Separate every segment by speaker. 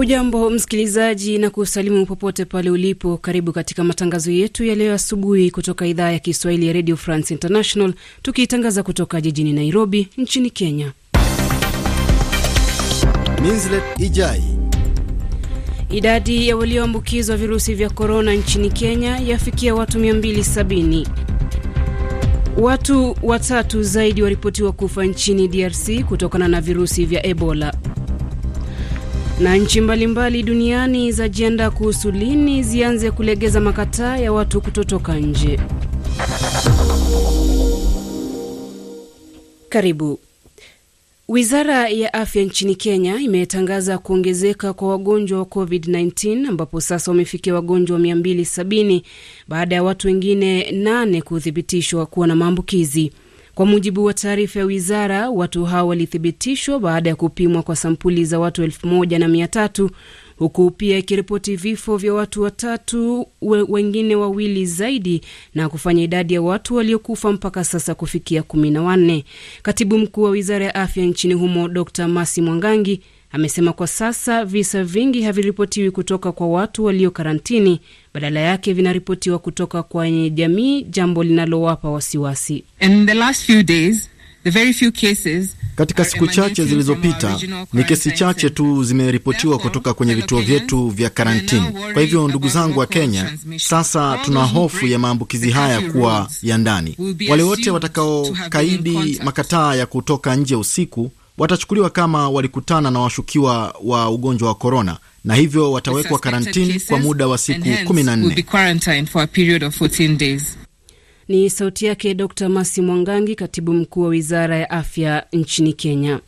Speaker 1: ujambo msikilizaji, na kusalimu popote pale ulipo. Karibu katika matangazo yetu ya leo asubuhi kutoka idhaa ya Kiswahili ya Radio France International, tukiitangaza kutoka jijini Nairobi nchini Kenya. Ijai. Idadi ya walioambukizwa virusi vya korona nchini Kenya yafikia watu 270. Watu watatu zaidi waripotiwa kufa nchini DRC kutokana na virusi vya Ebola. Na nchi mbalimbali duniani zajiandaa kuhusu lini zianze kulegeza makataa ya watu kutotoka nje. Karibu. Wizara ya afya nchini Kenya imetangaza kuongezeka kwa wagonjwa wa COVID-19 ambapo sasa wamefikia wagonjwa 270 baada ya watu wengine nane kuthibitishwa kuwa na maambukizi. Kwa mujibu wa taarifa ya wizara, watu hao walithibitishwa baada ya kupimwa kwa sampuli za watu elfu moja na mia tatu huku pia ikiripoti vifo vya watu watatu we, wengine wawili zaidi na kufanya idadi ya watu waliokufa mpaka sasa kufikia kumi na wanne. Katibu mkuu wa wizara ya afya nchini humo Dr Masi Mwangangi amesema kwa sasa visa vingi haviripotiwi kutoka kwa watu walio karantini, badala yake vinaripotiwa kutoka kwenye jamii, jambo linalowapa wasiwasi.
Speaker 2: Katika siku chache zilizopita ni kesi chache tu zimeripotiwa kutoka kwenye vituo vyetu vya karantini. Kwa hivyo, ndugu zangu wa Kenya, sasa tuna hofu ya maambukizi haya kuwa ya ndani. Wale wote watakaokaidi makataa ya kutoka nje usiku watachukuliwa kama walikutana na washukiwa wa ugonjwa wa korona na hivyo watawekwa karantini kwa muda wa siku
Speaker 1: 14. Ni sauti yake Dr. Masi Mwangangi, katibu mkuu wa wizara ya afya nchini Kenya.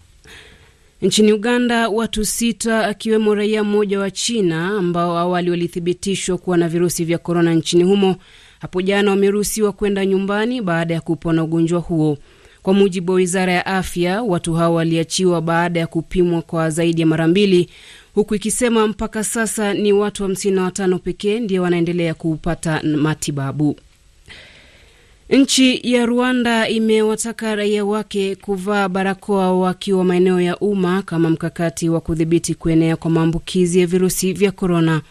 Speaker 1: Nchini Uganda, watu sita akiwemo raia mmoja wa China ambao awali walithibitishwa kuwa na virusi vya korona nchini humo hapo jana wameruhusiwa kwenda nyumbani baada ya kupona ugonjwa huo. Kwa mujibu wa wizara ya afya, watu hao waliachiwa baada ya kupimwa kwa zaidi ya mara mbili, huku ikisema mpaka sasa ni watu 55 pekee ndio wanaendelea kupata matibabu. Nchi ya Rwanda imewataka raia wake kuvaa barakoa wakiwa maeneo ya umma kama mkakati wa kudhibiti kuenea kwa maambukizi ya virusi vya korona.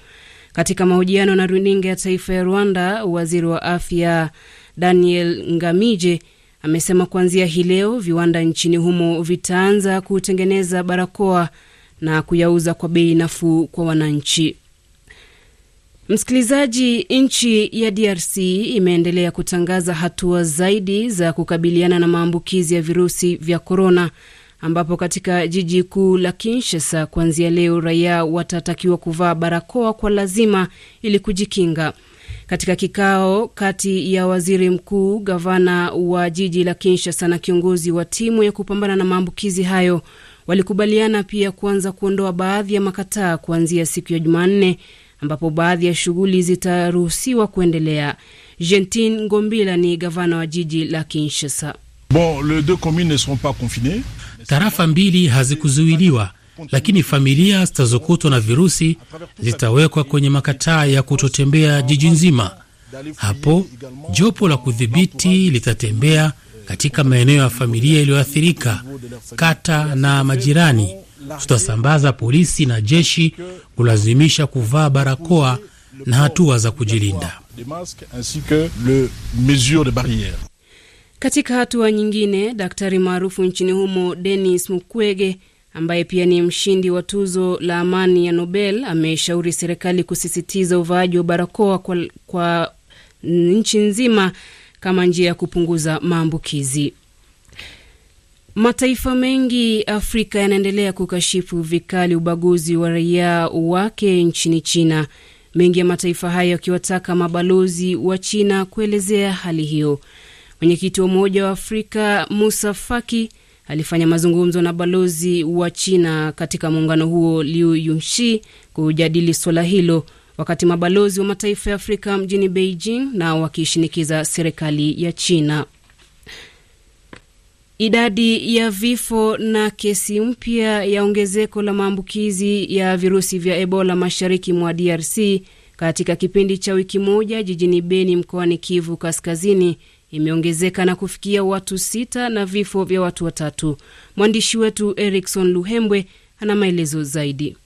Speaker 1: Katika mahojiano na runinga ya taifa ya Rwanda, waziri wa afya Daniel Ngamije amesema kuanzia hii leo viwanda nchini humo vitaanza kutengeneza barakoa na kuyauza kwa bei nafuu kwa wananchi. Msikilizaji, nchi ya DRC imeendelea kutangaza hatua zaidi za kukabiliana na maambukizi ya virusi vya korona, ambapo katika jiji kuu la Kinshasa kuanzia leo raia watatakiwa kuvaa barakoa kwa lazima ili kujikinga. Katika kikao kati ya waziri mkuu, gavana wa jiji la Kinshasa na kiongozi wa timu ya kupambana na maambukizi hayo, walikubaliana pia kuanza kuondoa baadhi ya makataa kuanzia siku ya Jumanne, ambapo baadhi ya shughuli zitaruhusiwa kuendelea. Gentin Ngombila ni gavana wa jiji la Kinshasa.
Speaker 3: Bon, les deux communes ne pas confinées. Tarafa mbili hazikuzuiliwa lakini familia zitazokutwa na virusi zitawekwa kwenye makataa ya kutotembea jiji nzima. Hapo jopo la kudhibiti litatembea katika maeneo ya familia iliyoathirika, kata na majirani. Tutasambaza polisi na jeshi kulazimisha kuvaa barakoa na hatua za kujilinda.
Speaker 1: Katika hatua nyingine, daktari maarufu nchini humo Denis Mukwege ambaye pia ni mshindi wa tuzo la amani ya Nobel ameshauri serikali kusisitiza uvaaji wa barakoa kwa, kwa nchi nzima kama njia ya kupunguza maambukizi. Mataifa mengi Afrika yanaendelea kukashifu vikali ubaguzi wa raia wake nchini China, mengi ya mataifa hayo yakiwataka mabalozi wa China kuelezea hali hiyo. Mwenyekiti wa Umoja wa Afrika Musa Faki alifanya mazungumzo na balozi wa China katika muungano huo Liu Yunshi kujadili suala hilo, wakati mabalozi wa mataifa ya Afrika mjini Beijing na wakishinikiza serikali ya China. Idadi ya vifo na kesi mpya ya ongezeko la maambukizi ya virusi vya Ebola mashariki mwa DRC katika kipindi cha wiki moja jijini Beni mkoani Kivu Kaskazini imeongezeka na kufikia watu sita na vifo vya watu watatu. Mwandishi wetu Erikson Luhembwe ana maelezo zaidi.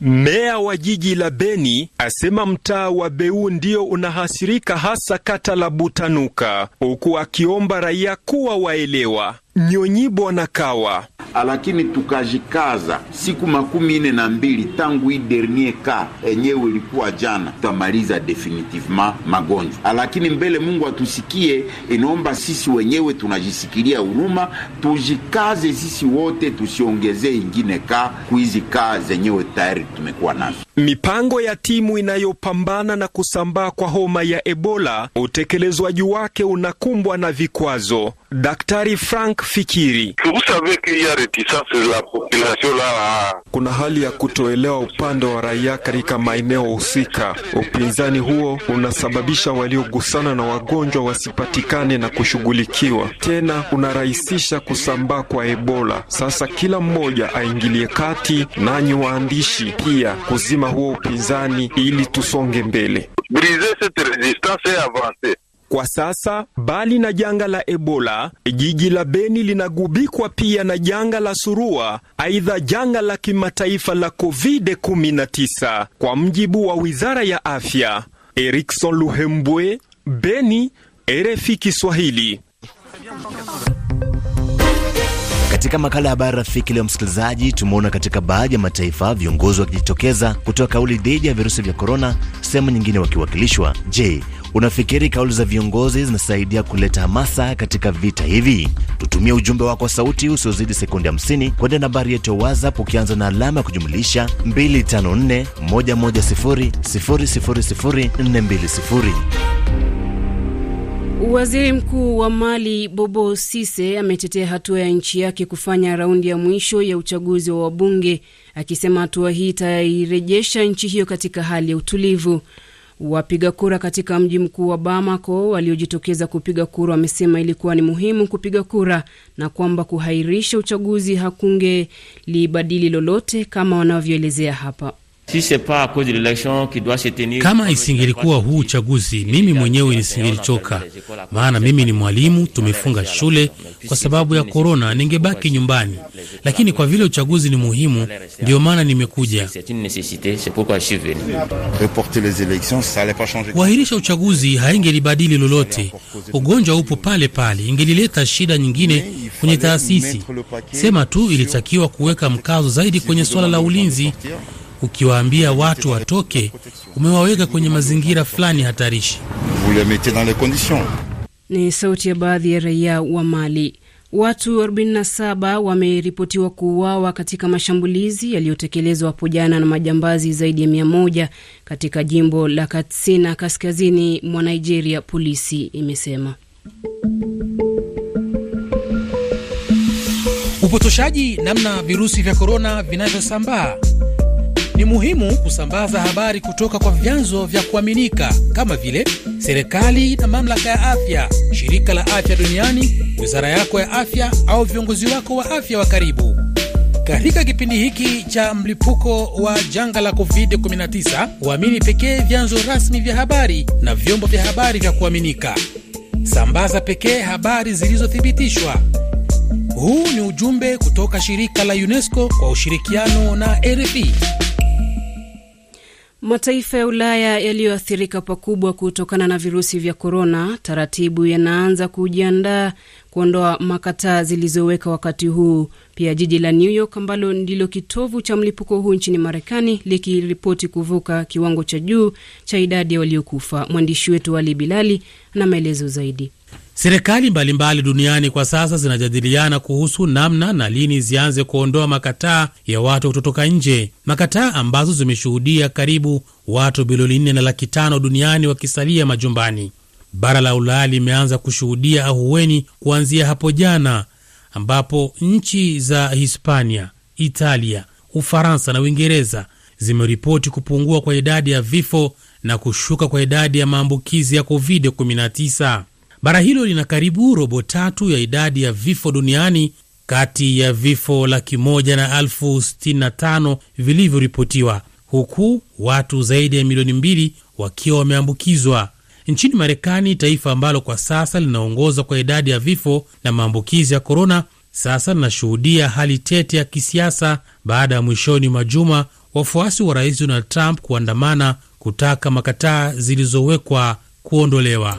Speaker 4: Meya wa jiji la Beni asema mtaa wa Beu ndio unahasirika hasa kata la Butanuka, huku akiomba raia kuwa waelewa. Nyonyi Bona
Speaker 5: Kawa. Lakini tukajikaza siku makumi ine na mbili tangu hii dernier ka enyewe ilikuwa jana, tutamaliza definitivement magonjwa. Lakini mbele Mungu atusikie, inaomba sisi wenyewe tunajisikilia huruma, tujikaze sisi wote, tusiongezee ingine ka kuizi ka zenyewe tayari tumekuwa nazo.
Speaker 4: Mipango ya timu inayopambana na kusambaa kwa homa ya Ebola, utekelezwaji wake unakumbwa na vikwazo. Daktari Frank Fikiri: kuna hali ya kutoelewa upande wa raia katika maeneo husika. Upinzani huo unasababisha waliogusana na wagonjwa wasipatikane na kushughulikiwa, tena unarahisisha kusambaa kwa Ebola. Sasa kila mmoja aingilie kati, nanyi waandishi pia kuzima lazima huo upinzani ili tusonge mbele. Kwa sasa, bali na janga la Ebola, jiji la Beni linagubikwa pia na janga la surua, aidha janga la kimataifa la COVID-19, kwa mjibu wa Wizara ya Afya. Erikson Luhembwe, Beni, RFI Kiswahili.
Speaker 2: Katika makala ya habari rafiki leo, msikilizaji, tumeona katika baadhi ya mataifa viongozi wakijitokeza kutoa kauli dhidi ya virusi vya korona, sehemu nyingine wakiwakilishwa. Je, unafikiri kauli za viongozi zinasaidia kuleta hamasa katika vita hivi? Tutumie ujumbe wako wa sauti usiozidi sekunde 50 kwenda nambari yetu ya WhatsApp ukianza na alama ya kujumlisha 254 110 000 420.
Speaker 1: Waziri Mkuu wa Mali Bobo Sise ametetea hatua ya nchi yake kufanya raundi ya mwisho ya uchaguzi wa wabunge, akisema hatua hii itairejesha nchi hiyo katika hali ya utulivu. Wapiga kura katika mji mkuu wa Bamako waliojitokeza kupiga kura wamesema ilikuwa ni muhimu kupiga kura na kwamba kuhairisha uchaguzi hakungelibadili lolote, kama wanavyoelezea hapa.
Speaker 5: Kama isingelikuwa
Speaker 3: huu uchaguzi, mimi mwenyewe nisingelichoka, maana mimi ni mwalimu. Tumefunga shule kwa sababu ya korona, ningebaki nyumbani, lakini kwa vile uchaguzi ni muhimu, ndiyo maana nimekuja. Kuahirisha uchaguzi haingelibadili lolote, ugonjwa upo pale pale, ingelileta shida nyingine kwenye taasisi. Sema tu ilitakiwa kuweka mkazo zaidi kwenye suala la ulinzi. Ukiwaambia watu watoke, umewaweka kwenye mazingira fulani hatarishi.
Speaker 1: Ni sauti ya baadhi ya raia wa Mali. Watu 47 wameripotiwa kuuawa katika mashambulizi yaliyotekelezwa hapo jana na majambazi zaidi ya 100 katika jimbo la Katsina, kaskazini mwa Nigeria, polisi imesema.
Speaker 3: Upotoshaji namna virusi vya korona vinavyosambaa ni muhimu kusambaza habari kutoka kwa vyanzo vya kuaminika kama vile serikali na mamlaka ya afya, shirika la afya duniani, wizara yako ya afya au viongozi wako wa afya wa karibu. Katika kipindi hiki cha mlipuko wa janga la COVID-19, uamini pekee vyanzo rasmi vya habari na vyombo vya habari vya kuaminika. Sambaza pekee habari zilizothibitishwa. Huu ni ujumbe kutoka shirika la UNESCO kwa ushirikiano na RFI.
Speaker 1: Mataifa ya Ulaya yaliyoathirika pakubwa kutokana na virusi vya korona taratibu yanaanza kujiandaa kuondoa makataa zilizoweka wakati huu. Pia jiji la New York ambalo ndilo kitovu cha mlipuko huu nchini Marekani likiripoti kuvuka kiwango cha juu cha idadi ya waliokufa. Mwandishi wetu Ali Bilali ana maelezo zaidi.
Speaker 3: Serikali mbalimbali duniani kwa sasa zinajadiliana kuhusu namna na lini zianze kuondoa makataa ya watu kutotoka nje, makataa ambazo zimeshuhudia karibu watu bilioni nne na laki tano duniani wakisalia majumbani. Bara la Ulaya limeanza kushuhudia ahuweni kuanzia hapo jana, ambapo nchi za Hispania, Italia, Ufaransa na Uingereza zimeripoti kupungua kwa idadi ya vifo na kushuka kwa idadi ya maambukizi ya COVID-19. Bara hilo lina karibu robo tatu ya idadi ya vifo duniani kati ya vifo laki moja na elfu sitini na tano vilivyoripotiwa huku watu zaidi ya milioni mbili wakiwa wameambukizwa. Nchini Marekani, taifa ambalo kwa sasa linaongoza kwa idadi ya vifo na maambukizi ya korona, sasa linashuhudia hali tete ya kisiasa baada ya mwishoni mwa juma wafuasi wa rais Donald Trump kuandamana kutaka makataa zilizowekwa kuondolewa.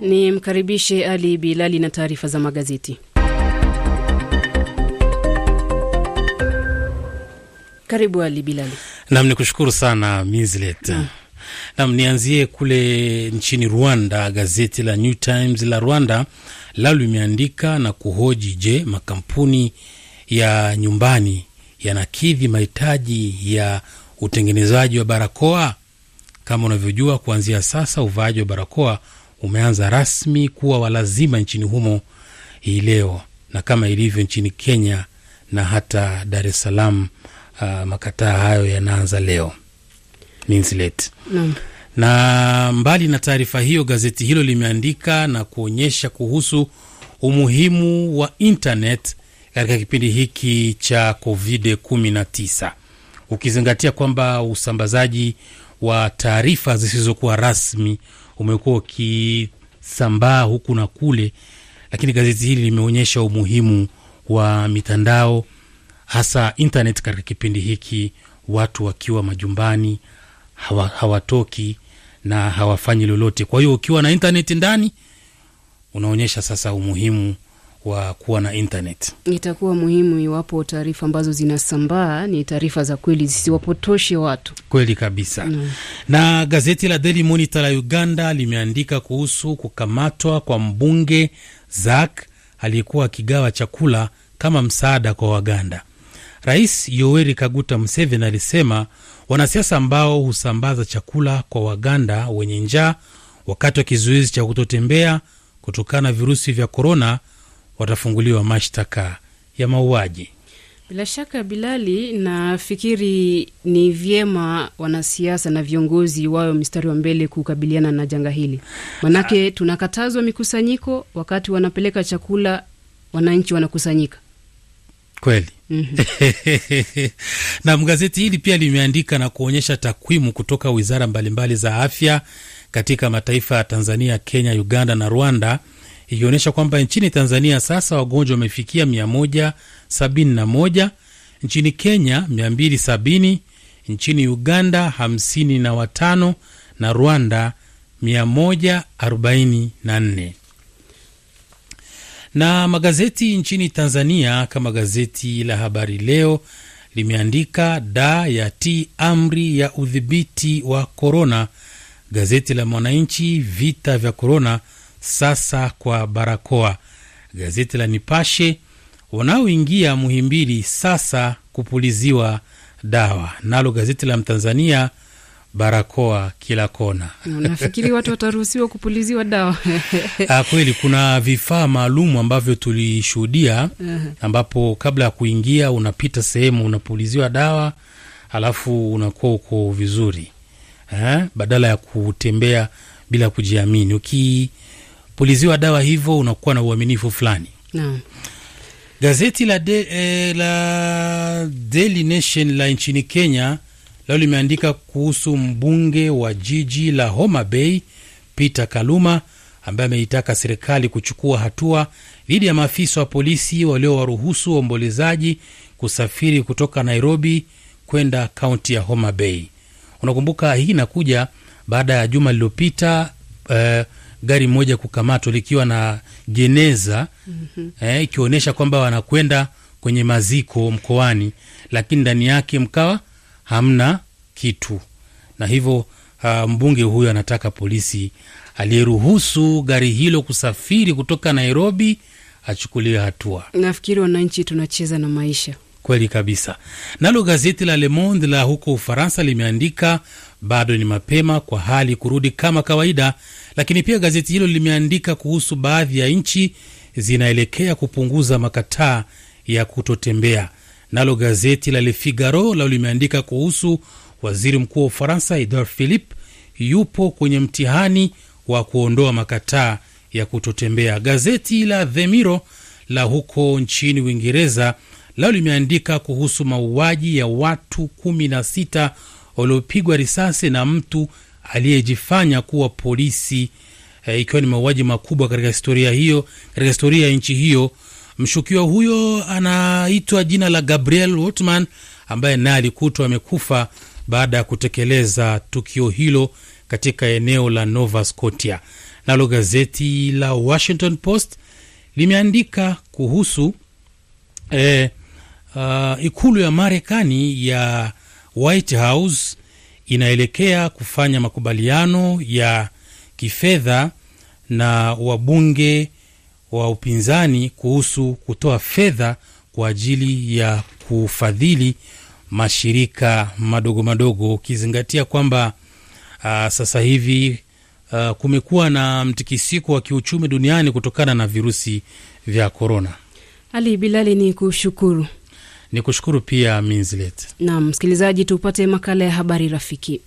Speaker 1: Ni mkaribishe Ali Bilali na taarifa za magazeti. Karibu Ali Bilali.
Speaker 3: Nam, ni kushukuru sana Mislet. Mm. Nam, nianzie kule nchini Rwanda. Gazeti la New Times la Rwanda lao limeandika na kuhoji, je, makampuni ya nyumbani yanakidhi mahitaji ya utengenezaji wa barakoa? Kama unavyojua, kuanzia sasa uvaaji wa barakoa umeanza rasmi kuwa walazima nchini humo hii leo, na kama ilivyo nchini Kenya na hata Dar es Salaam, uh, makataa hayo yanaanza leo Ninslet. Naam. Na mbali na taarifa hiyo, gazeti hilo limeandika na kuonyesha kuhusu umuhimu wa internet katika kipindi hiki cha covid 19 ukizingatia kwamba usambazaji wa taarifa zisizokuwa rasmi umekuwa ukisambaa huku na kule lakini gazeti hili limeonyesha umuhimu wa mitandao hasa internet katika kipindi hiki watu wakiwa majumbani hawa, hawatoki na hawafanyi lolote kwa hiyo ukiwa na intaneti ndani unaonyesha sasa umuhimu wa kuwa na internet.
Speaker 1: Itakuwa muhimu iwapo taarifa ambazo zinasambaa ni taarifa za kweli zisiwapotoshe watu.
Speaker 3: Kweli kabisa mm. Na gazeti la Daily Monitor la Uganda limeandika kuhusu kukamatwa kwa mbunge Zak aliyekuwa akigawa chakula kama msaada kwa Waganda. Rais Yoweri Kaguta Museveni alisema wanasiasa ambao husambaza chakula kwa Waganda wenye njaa wakati wa kizuizi cha kutotembea kutokana na virusi vya korona watafunguliwa mashtaka ya mauaji.
Speaker 1: Bila shaka Bilali, nafikiri ni vyema wanasiasa na viongozi wawe mstari wa mbele kukabiliana na janga hili, manake tunakatazwa mikusanyiko, wakati wanapeleka chakula wananchi wanakusanyika kweli. mm
Speaker 3: -hmm. Nam, gazeti hili pia limeandika na kuonyesha takwimu kutoka wizara mbalimbali za afya katika mataifa ya Tanzania, Kenya, Uganda na Rwanda ikionyesha kwamba nchini Tanzania sasa wagonjwa wamefikia 171, nchini Kenya 270, nchini Uganda 55 na Rwanda 144. Na magazeti nchini Tanzania kama gazeti la Habari Leo limeandika da ya t amri ya udhibiti wa korona. Gazeti la Mwananchi vita vya korona sasa kwa barakoa. Gazeti la Nipashe, wanaoingia Muhimbili sasa kupuliziwa dawa. Nalo gazeti la Mtanzania, barakoa kila kona.
Speaker 1: Unafikiri watu wataruhusiwa kupuliziwa dawa? Ah,
Speaker 3: kweli kuna vifaa maalum ambavyo tulishuhudia, ambapo kabla ya kuingia unapita sehemu unapuliziwa dawa, alafu unakuwa uko vizuri ha? Eh, badala ya kutembea bila kujiamini uki unapopuliziwa dawa hivyo unakuwa na uaminifu fulani Gazeti la, de, eh, la Daily Nation la nchini Kenya lao limeandika kuhusu mbunge wa jiji la Homa Bay Peter Kaluma ambaye ameitaka serikali kuchukua hatua dhidi ya maafisa wa polisi waliowaruhusu waombolezaji kusafiri kutoka Nairobi kwenda kaunti ya Homa Bay. Unakumbuka hii inakuja baada ya juma lililopita eh, gari moja kukamatwa likiwa na geneza mm -hmm. eh, ikionyesha kwamba wanakwenda kwenye maziko mkoani, lakini ndani yake mkawa hamna kitu, na hivyo uh, mbunge huyo anataka polisi aliyeruhusu gari hilo kusafiri kutoka Nairobi achukuliwe hatua.
Speaker 1: Nafikiri wananchi tunacheza na maisha
Speaker 3: kweli kabisa. Nalo gazeti la Le Monde la huko Ufaransa limeandika bado ni mapema kwa hali kurudi kama kawaida, lakini pia gazeti hilo limeandika kuhusu baadhi ya nchi zinaelekea kupunguza makataa ya kutotembea. Nalo gazeti la Le Figaro lao limeandika kuhusu waziri mkuu wa Ufaransa Edouard Philippe yupo kwenye mtihani wa kuondoa makataa ya kutotembea. Gazeti la The la huko nchini Uingereza lao limeandika kuhusu mauaji ya watu 16 waliopigwa risasi na mtu aliyejifanya kuwa polisi e, ikiwa ni mauaji makubwa katika historia hiyo, katika historia ya nchi hiyo. Mshukiwa huyo anaitwa jina la Gabriel Wotman ambaye naye alikutwa amekufa baada ya kutekeleza tukio hilo katika eneo la Nova Scotia. Nalo gazeti la Washington Post limeandika kuhusu eh, uh, ikulu ya Marekani ya White House inaelekea kufanya makubaliano ya kifedha na wabunge wa upinzani kuhusu kutoa fedha kwa ajili ya kufadhili mashirika madogo madogo, ukizingatia kwamba uh, sasa hivi uh, kumekuwa na mtikisiko wa kiuchumi duniani kutokana na virusi vya korona.
Speaker 1: Ali Bilali, ni kushukuru.
Speaker 3: Ni kushukuru pia Minzilet.
Speaker 1: Naam msikilizaji, tupate makala ya habari rafiki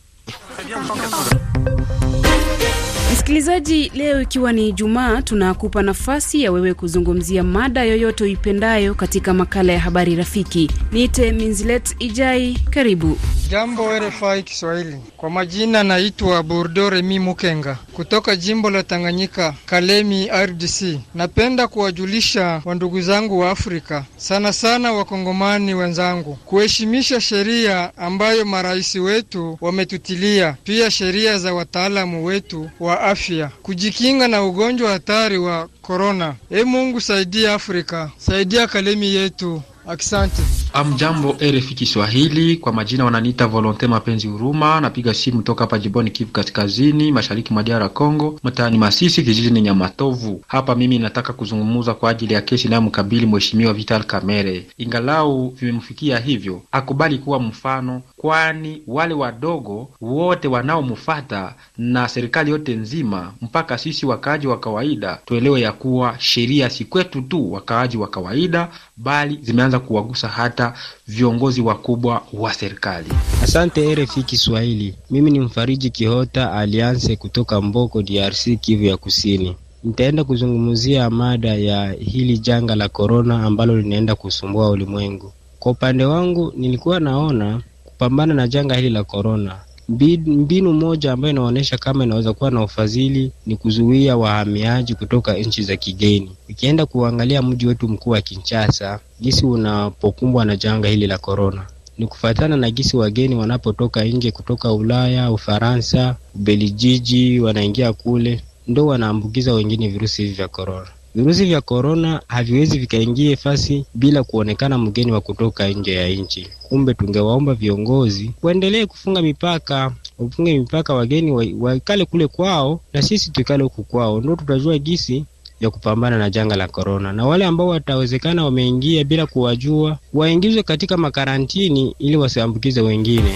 Speaker 1: Msikilizaji, leo ikiwa ni Ijumaa, tunakupa nafasi ya wewe kuzungumzia mada yoyote uipendayo katika makala ya habari rafiki. Niite Minzilet Ijai, karibu.
Speaker 6: Jambo RFI Kiswahili, kwa majina naitwa bordo Remi Mukenga kutoka jimbo la Tanganyika, Kalemi RDC. Napenda kuwajulisha wandugu zangu wa Afrika, sana sana wakongomani wenzangu, kuheshimisha sheria ambayo marais wetu wametutilia, pia sheria za wataalamu wetu wa afya, kujikinga na ugonjwa hatari wa korona. E Mungu, saidia Afrika, saidia Kalemi yetu. Asante. Amjambo RFI Kiswahili, kwa majina wananiita Volonte Mapenzi Huruma, napiga simu toka hapa jiboni Kivu Kaskazini, mashariki mwa DR Congo, mtaani Masisi, kijiji ni Nyamatovu. Hapa mimi nataka kuzungumza kwa ajili ya kesi inayomkabili mheshimiwa Vital Kamerhe, ingalau vimemfikia hivyo, akubali kuwa mfano, kwani wale wadogo wote wanaomfata na serikali yote nzima, mpaka sisi wakaaji wa kawaida tuelewe ya kuwa sheria si kwetu tu wakaaji wa kawaida, bali zimeanza kuweza kuwagusa hata viongozi wakubwa wa serikali. Asante RFI Kiswahili, mimi ni Mfariji Kihota Alianse kutoka Mboko, DRC, Kivu ya Kusini. Nitaenda kuzungumzia mada ya hili janga la korona ambalo linaenda kusumbua ulimwengu. Kwa upande wangu, nilikuwa naona kupambana na janga hili la korona Mbinu moja ambayo inaonyesha kama inaweza kuwa na ufadhili ni kuzuia wahamiaji kutoka nchi za kigeni. Ukienda kuangalia mji wetu mkuu wa Kinshasa, jinsi unapokumbwa na janga hili la korona ni kufuatana na gisi wageni wanapotoka nje kutoka Ulaya, Ufaransa, Ubelijiji, wanaingia kule ndo wanaambukiza wengine virusi hivi vya korona. Virusi vya korona haviwezi vikaingia fasi bila kuonekana mgeni wa kutoka nje ya nchi. Kumbe tungewaomba viongozi waendelee kufunga mipaka, wafunge mipaka, wageni waikale kule kwao na sisi tuikale huku kwao, ndo tutajua gisi ya kupambana na janga la korona. Na wale ambao watawezekana wameingia bila kuwajua, waingizwe katika makarantini ili wasiambukize wengine.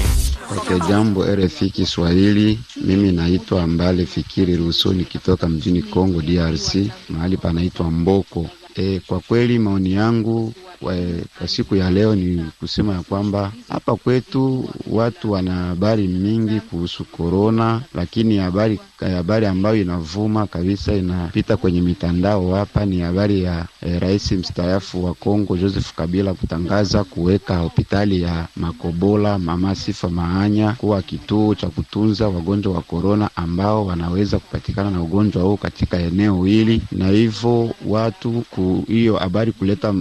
Speaker 5: Wake jambo RFI Kiswahili, mimi naitwa Mbale Fikiri Rusoni, kitoka mjini Kongo DRC, mahali panaitwa Mboko. E, kwa kweli maoni yangu kwa, e, kwa siku ya leo ni kusema ya kwamba hapa kwetu watu wana habari mingi kuhusu korona, lakini habari habari ambayo inavuma kabisa inapita kwenye mitandao hapa ni habari ya e, rais mstaafu wa Kongo Joseph Kabila kutangaza kuweka hospitali ya Makobola Mama Sifa Maanya kuwa kituo cha kutunza wagonjwa wa korona ambao wanaweza kupatikana na ugonjwa huu katika eneo hili, na hivyo watu ku hiyo habari kuleta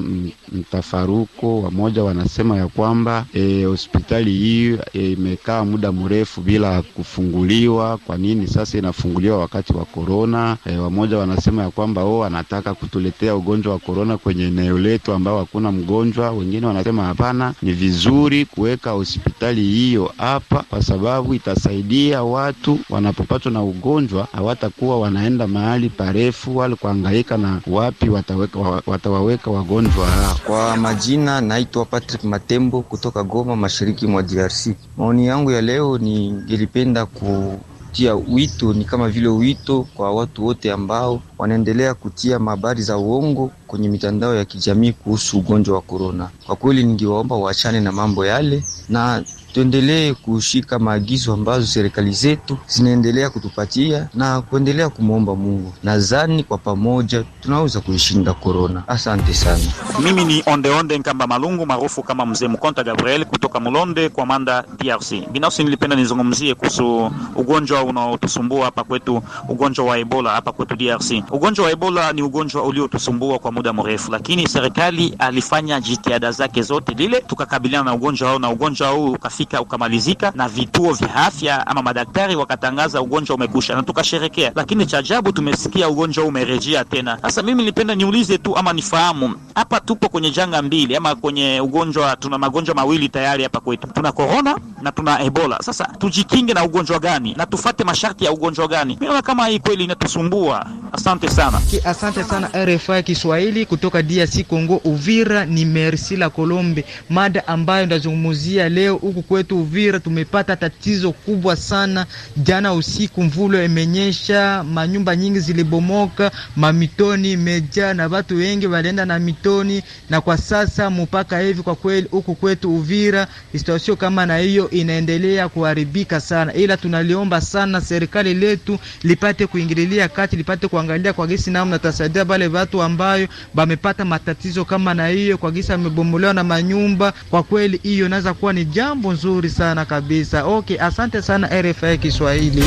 Speaker 5: mtafaruko. Wamoja wanasema ya kwamba e, hospitali hii e, imekaa e, muda mrefu bila kufunguliwa. Kwa nini sasa inafunguliwa wakati wa korona? E, wamoja wanasema ya kwamba o, oh, anataka kutuletea ugonjwa wa korona kwenye eneo letu ambao hakuna mgonjwa. Wengine wanasema hapana, ni vizuri kuweka hospitali hiyo hapa kwa sababu itasaidia watu wanapopatwa na ugonjwa hawatakuwa wanaenda mahali parefu wala kuhangaika na wapi wataweka watawaweka wagonjwa hao. Kwa majina, naitwa Patrick Matembo kutoka Goma, mashariki mwa DRC.
Speaker 6: Maoni yangu ya leo ningelipenda ku kutia wito ni kama vile wito kwa watu wote ambao wanaendelea kutia habari za uongo kwenye mitandao ya kijamii kuhusu ugonjwa wa korona. Kwa kweli, ningewaomba waachane na mambo yale na tuendelee kushika maagizo ambazo serikali zetu zinaendelea kutupatia na kuendelea kumwomba Mungu. Nadhani kwa pamoja tunaweza kuishinda korona. Asante sana. Mimi ni Ondeonde Nkamba Malungu maarufu kama Mzee Mkonta Gabriel kutoka Mulonde kwa Manda, DRC. Binafsi nilipenda nizungumzie kuhusu ugonjwa unaotusumbua hapa kwetu, ugonjwa wa Ebola hapa kwetu DRC. Ugonjwa wa Ebola ni ugonjwa uliotusumbua kwa muda mrefu, lakini serikali alifanya jitihada zake zote lile tukakabiliana na ugonjwa huu na ugonjwa huu ukafika ukafika ukamalizika, na vituo vya afya ama madaktari wakatangaza ugonjwa umekusha, na tukasherekea. Lakini cha ajabu tumesikia ugonjwa umerejea tena. Sasa mimi nilipenda niulize tu ama nifahamu, hapa tupo kwenye janga mbili ama kwenye ugonjwa, tuna magonjwa mawili tayari hapa kwetu, tuna korona na tuna ebola. Sasa tujikinge na ugonjwa gani na tufate masharti ya ugonjwa gani? Mimi naona kama hii kweli inatusumbua. Asante sana, asante sana RFI Kiswahili kutoka DRC Congo, Uvira. Ni Merci la Colombe, mada ambayo ndazungumzia leo huku kwetu Uvira tumepata tatizo kubwa sana. Jana usiku mvulo imenyesha, manyumba nyingi zilibomoka, mamitoni meja na watu wengi walienda na mitoni, na kwa sasa mpaka hivi kwa kweli huku kwetu Uvira situasio kama na hiyo inaendelea kuharibika sana, ila tunaliomba sana serikali letu lipate kuingililia kati, lipate kuangalia kwa gisi namna tasaidia wale watu ambayo bamepata matatizo kama na hiyo, kwa gisa amebomolewa na manyumba. Kwa kweli hiyo inaweza kuwa ni jambo nzuri sana kabisa. Okay, asante sana RFI Kiswahili.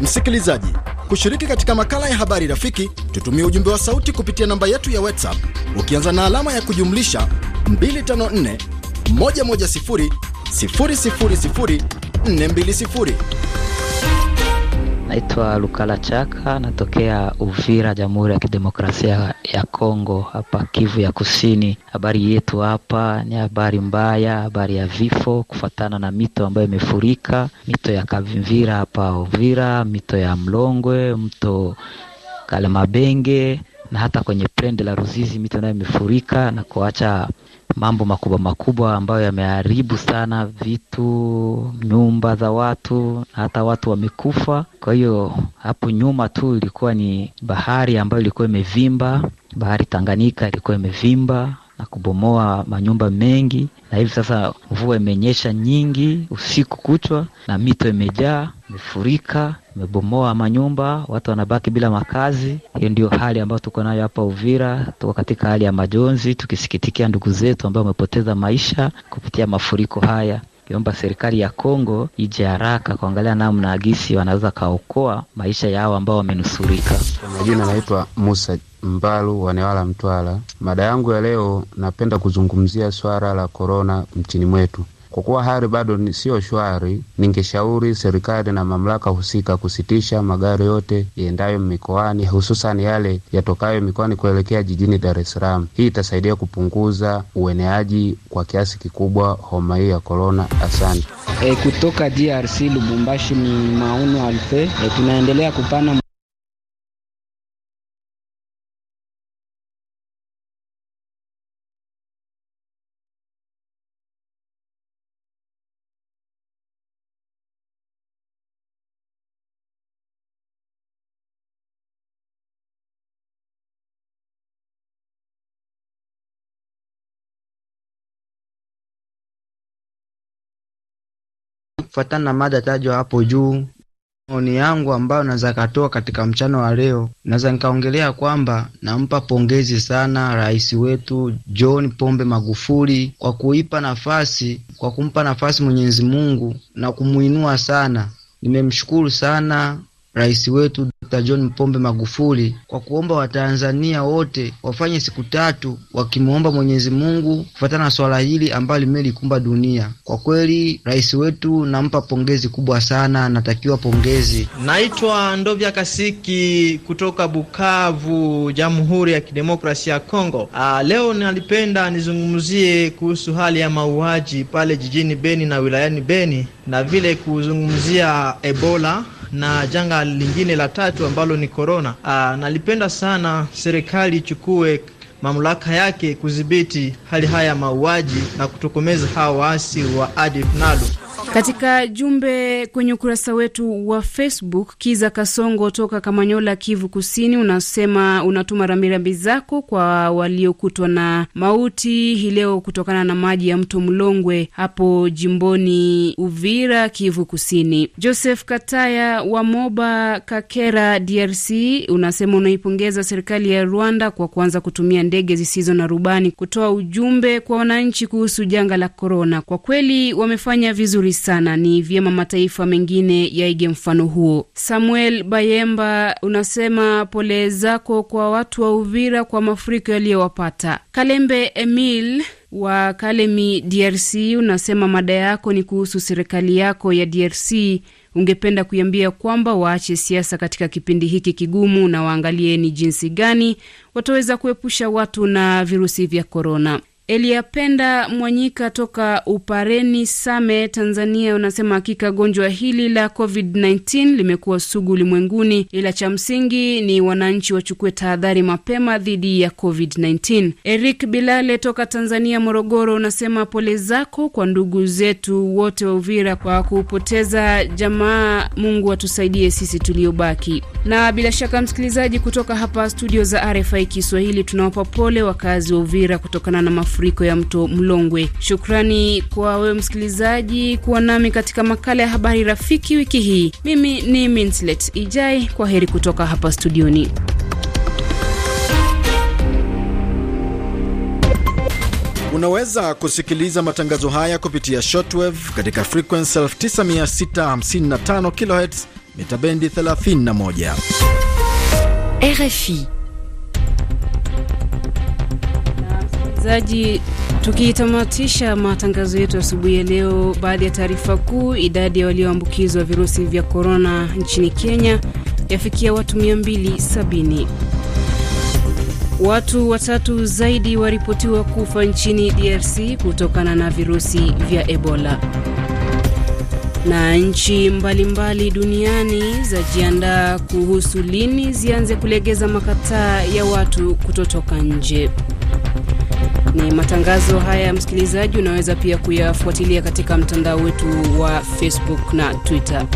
Speaker 6: Msikilizaji,
Speaker 2: kushiriki katika makala ya habari rafiki, tutumie ujumbe wa sauti kupitia namba yetu ya WhatsApp ukianza na alama ya kujumlisha 254 110 000 420.
Speaker 7: Naitwa Lukala Chaka, natokea Uvira, Jamhuri ya Kidemokrasia ya Kongo, hapa Kivu ya Kusini. Habari yetu hapa ni habari mbaya, habari ya vifo kufatana na mito ambayo imefurika, mito ya Kavimvira hapa Uvira, mito ya Mlongwe, mto Kalemabenge na hata kwenye plende la Ruzizi mito nayo imefurika na kuacha mambo makubwa makubwa ambayo yameharibu sana vitu, nyumba za watu, hata watu wamekufa. Kwa hiyo hapo nyuma tu ilikuwa ni bahari ambayo ilikuwa imevimba, bahari Tanganyika ilikuwa imevimba na kubomoa manyumba mengi, na hivi sasa mvua imenyesha nyingi usiku kuchwa na mito imejaa, imefurika wamebomoa manyumba, watu wanabaki bila makazi. Hiyo ndio hali ambayo tuko nayo hapa Uvira. Tuko katika hali ya majonzi, tukisikitikia ndugu zetu ambao wamepoteza maisha kupitia mafuriko haya kiomba serikali ya Kongo ije haraka kuangalia namna agisi wanaweza kaokoa maisha yao ambao wamenusurika. Majina anaitwa Musa Mbalu Wanewala, Mtwara. Mada
Speaker 5: yangu ya leo, napenda kuzungumzia swala la korona nchini mwetu. Kwa kuwa hali bado ni siyo shwari, ningeshauri serikali na mamlaka husika kusitisha magari yote yaendayo mikoani, hususan yale yatokayo mikoani kuelekea jijini Dar es Salaam. Hii itasaidia kupunguza ueneaji kwa kiasi kikubwa homa hii ya korona. Asante.
Speaker 7: E, kutoka DRC Lubumbashi ni Mauno Alfe. E, eh, tunaendelea kupana Kufuatana na mada tajwa hapo juu, maoni yangu ambayo naweza katoa katika mchana wa leo, naweza nikaongelea kwamba nampa pongezi sana rais wetu John Pombe Magufuli kwa kuipa nafasi, kwa kumpa nafasi Mwenyezi Mungu na kumuinua sana. Nimemshukuru sana rais wetu Dr. John Pombe Magufuli kwa kuomba Watanzania wote wafanye siku tatu wakimwomba Mwenyezi Mungu kufuatana na swala hili ambalo limelikumba dunia. Kwa kweli rais wetu nampa pongezi kubwa sana, natakiwa pongezi.
Speaker 6: Naitwa Ndovya Kasiki kutoka Bukavu, Jamhuri ya Kidemokrasia ya Kongo. Aa, ah, leo nalipenda nizungumzie kuhusu hali ya mauaji pale jijini Beni na wilayani Beni na vile kuzungumzia Ebola na janga lingine la tatu ambalo ni korona. Ah, nalipenda sana serikali ichukue mamlaka yake kudhibiti hali haya ya mauaji na kutokomeza hawa waasi wa ADF NALU.
Speaker 1: Katika jumbe kwenye ukurasa wetu wa Facebook, Kiza Kasongo toka Kamanyola, Kivu Kusini, unasema unatuma rambirambi zako kwa waliokutwa na mauti hii leo kutokana na maji ya mto Mlongwe hapo jimboni Uvira, Kivu Kusini. Joseph Kataya wa Moba, Kakera, DRC, unasema unaipongeza serikali ya Rwanda kwa kuanza kutumia ndege zisizo na rubani kutoa ujumbe kwa wananchi kuhusu janga la korona. Kwa kweli wamefanya vizuri sana, ni vyema mataifa mengine yaige mfano huo. Samuel Bayemba unasema pole zako kwa watu wa Uvira kwa mafuriko yaliyowapata. Kalembe Emil wa Kalemi, DRC unasema mada yako ni kuhusu serikali yako ya DRC. Ungependa kuiambia kwamba waache siasa katika kipindi hiki kigumu na waangalie ni jinsi gani wataweza kuepusha watu na virusi vya korona. Eliapenda Mwanyika toka Upareni, Same, Tanzania, unasema hakika gonjwa hili la COVID-19 limekuwa sugu ulimwenguni, ila cha msingi ni wananchi wachukue tahadhari mapema dhidi ya COVID-19. Eric Bilale toka Tanzania, Morogoro, unasema pole zako kwa ndugu zetu wote wa Uvira kwa kupoteza jamaa. Mungu atusaidie sisi tuliobaki. Na bila shaka, msikilizaji, kutoka hapa studio za RFI Kiswahili tunawapa pole wakazi wa Uvira kutokana na mafu mafuriko ya mto Mlongwe. Shukrani kwa wewe msikilizaji kuwa nami katika makala ya habari rafiki wiki hii. Mimi ni Minslet Ijai, kwa heri kutoka hapa studioni.
Speaker 2: Unaweza kusikiliza matangazo haya kupitia shortwave katika frequency 9655 kHz mitabendi 31
Speaker 1: RFI. msikilizaji, tukitamatisha matangazo yetu asubuhi ya leo, baadhi ya taarifa kuu: idadi ya walioambukizwa virusi vya korona nchini Kenya yafikia watu 270. Watu watatu zaidi waripotiwa kufa nchini DRC kutokana na virusi vya Ebola, na nchi mbalimbali duniani zajiandaa kuhusu lini zianze kulegeza makataa ya watu kutotoka nje matangazo haya, msikilizaji, unaweza pia kuyafuatilia katika mtandao wetu wa Facebook na Twitter.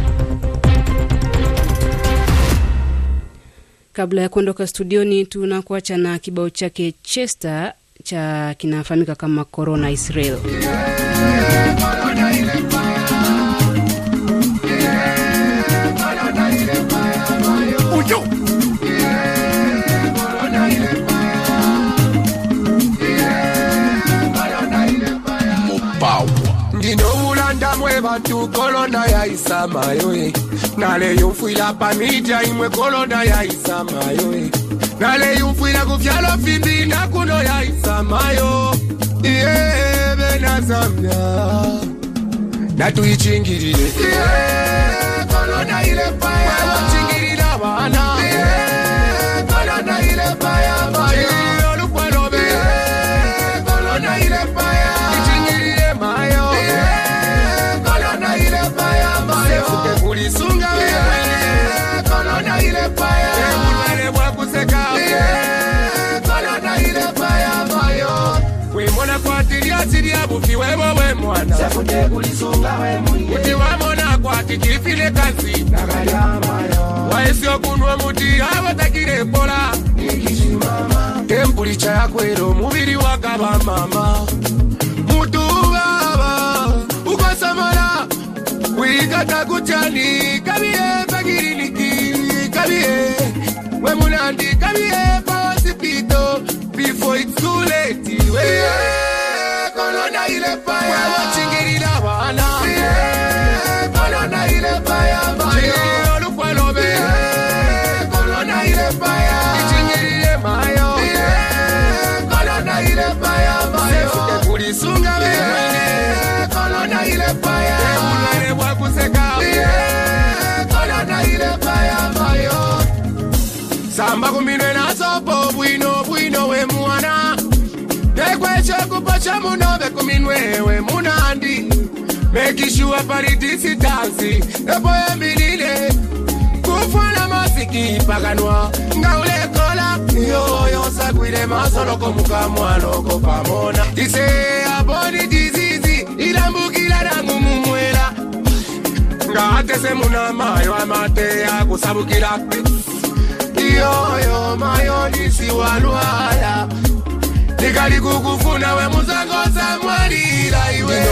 Speaker 1: Kabla ya kuondoka studioni, tunakuacha na kibao chake Chester cha kinafahamika kama Corona Israel.
Speaker 8: isamayoe naleyofwila pamidya imwe kolonda ya isamayoe naleyofwila kuvyalo fimbina kuno ya isamayo iyebenazamya natuichingilile kolonda ile paya kuti vamona kwati tifile kazi waisiokunwa muti ava takirepola tembulicha yakwero muviri wakava mama mutu uvava ukosomola kuika takutani kavie pakiriniki kavie wemunandi kavie pasipito before itsuleti wee yeah. ile paya ile bayo ile ile bayo ile ile bayo Samba na we min wewe munandi mekishua paritisi tansi napoya kufana masiki paganwa ngaulekola yoyo sagwile masoloko mukamwanoko pamona tise aboni dizizi ilambukila nangu mumwela nga atese munamayo amate akusabukila yoyo mayonisi walwala tikali kukufuna we muzango zamwalila iwe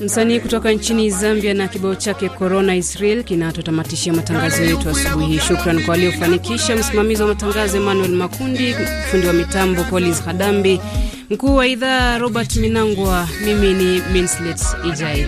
Speaker 1: Msanii kutoka nchini Zambia na kibao chake Corona Israel kinatotamatishia matangazo yetu asubuhi hii. Shukran kwa waliofanikisha: msimamizi wa matangazo Emmanuel Makundi, fundi wa mitambo Collins Hadambi, mkuu wa idhaa Robert Minangwa. Mimi ni Minslet Ijai.